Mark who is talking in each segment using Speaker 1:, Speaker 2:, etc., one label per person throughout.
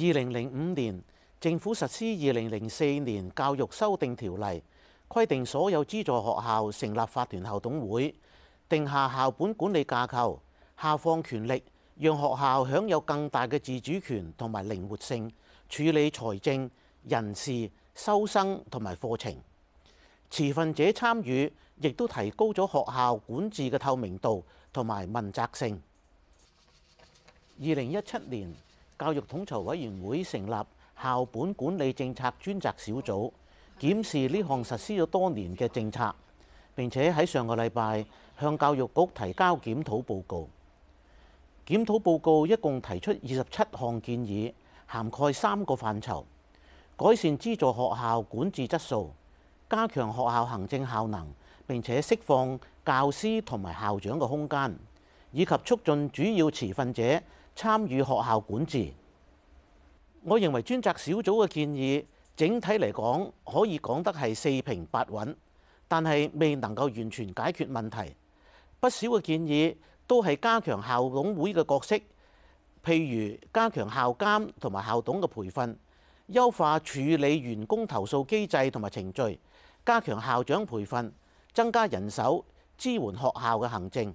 Speaker 1: 二零零五年，政府實施二零零四年教育修訂條例，規定所有資助學校成立法團校董會，定下校本管理架構，下放權力，讓學校享有更大嘅自主權同埋靈活性，處理財政、人事、收生同埋課程。持份者參與，亦都提高咗學校管治嘅透明度同埋問責性。二零一七年，教育統籌委員會成立校本管理政策專責小組，檢視呢項實施咗多年嘅政策，並且喺上個禮拜向教育局提交檢討報告。檢討報告一共提出二十七項建議，涵蓋三個範疇：改善資助學校管治質素、加強學校行政效能，並且釋放教師同埋校長嘅空間，以及促進主要持份者。參與學校管治，我認為專責小組嘅建議整體嚟講可以講得係四平八穩，但係未能夠完全解決問題。不少嘅建議都係加強校董會嘅角色，譬如加強校監同埋校董嘅培訓，優化處理員工投訴機制同埋程序，加強校長培訓，增加人手支援學校嘅行政。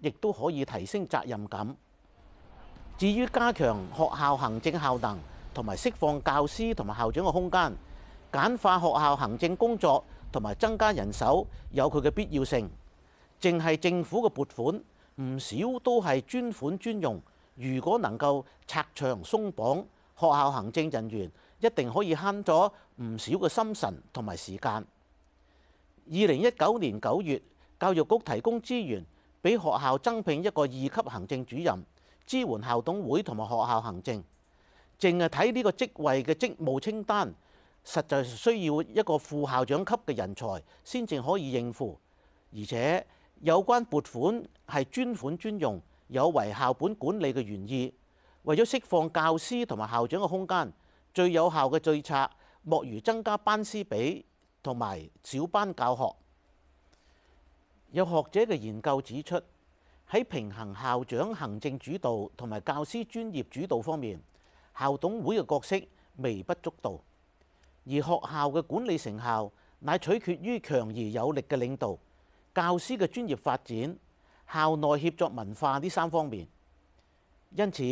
Speaker 1: 亦都可以提升責任感。至於加強學校行政效能，同埋釋放教師同埋校長嘅空間，簡化學校行政工作，同埋增加人手，有佢嘅必要性。淨係政府嘅撥款，唔少都係專款專用。如果能夠拆牆鬆綁，學校行政人員一定可以慳咗唔少嘅心神同埋時間。二零一九年九月，教育局提供資源。俾學校增聘一個二級行政主任支援校董會同埋學校行政，淨係睇呢個職位嘅職務清單，實在需要一個副校長級嘅人才先至可以應付。而且有關撥款係專款專用，有違校本管理嘅原意。為咗釋放教師同埋校長嘅空間，最有效嘅對策莫如增加班師比同埋小班教學。有學者嘅研究指出，喺平衡校長行政主導同埋教師專業主導方面，校董會嘅角色微不足道，而學校嘅管理成效乃取決於強而有力嘅領導、教師嘅專業發展、校內協作文化呢三方面。因此，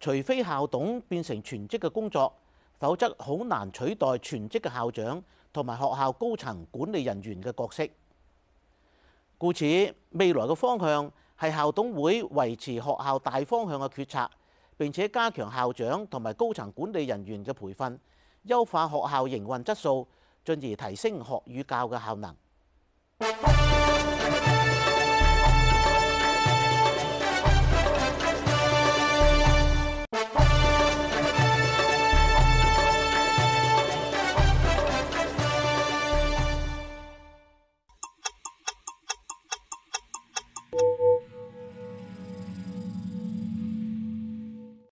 Speaker 1: 除非校董變成全職嘅工作，否則好難取代全職嘅校長同埋學校高層管理人員嘅角色。故此，未來嘅方向係校董會維持學校大方向嘅決策，並且加強校長同埋高層管理人員嘅培訓，優化學校營運質素，進而提升學與教嘅效能。